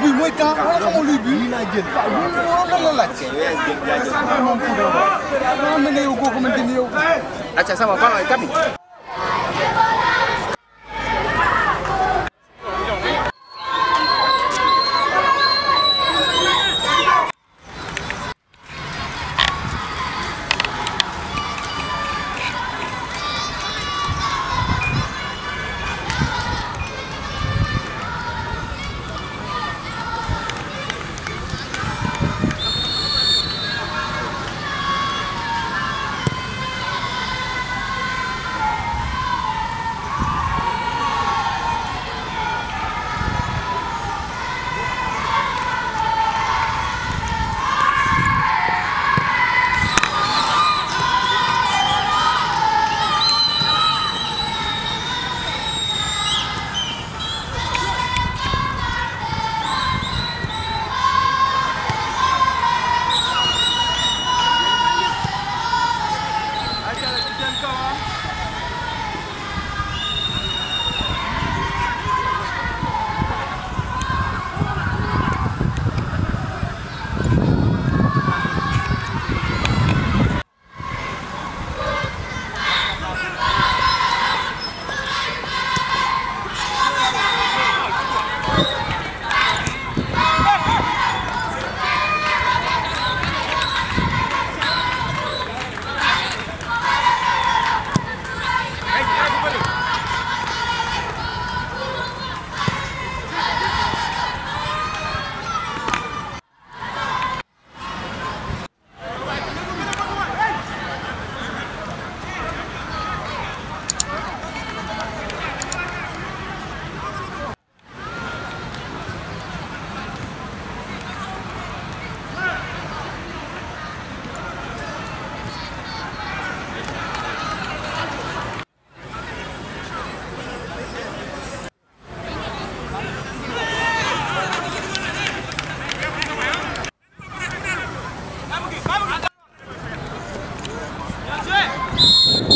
buy mooy temps wala xamoo luy buy. lan la laaj. moom kii bi waaw. waaw man de yow kooku man dindi yow. acca sama baa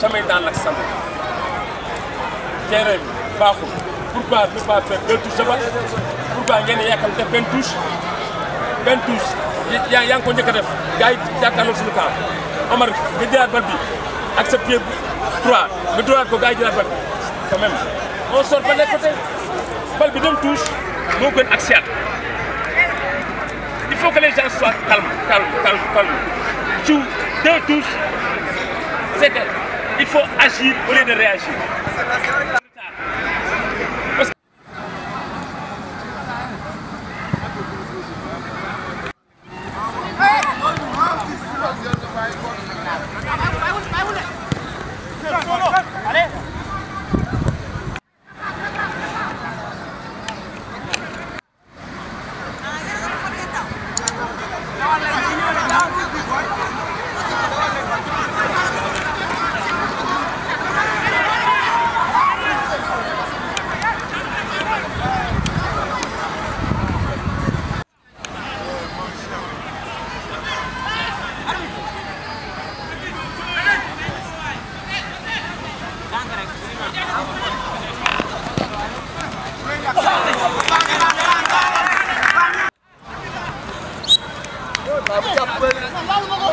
jamais dans l'accent. terrain pas baaxul pourquoi ne pas faire deux touches d'abord pourquoi il y a benn touche touches touche Il y ngi ko a def gars yi sur le camp Omar nga jëlaat bal bi ak sa pied droit nga dooraat ko gars yi bal quand même on sort pas les côtés bal bi dem touche moo gën ak siat il faut que les gens soient calmes calmes calmes calmes ci deux touches c'est il faut agir au lieu de réagir. jàppale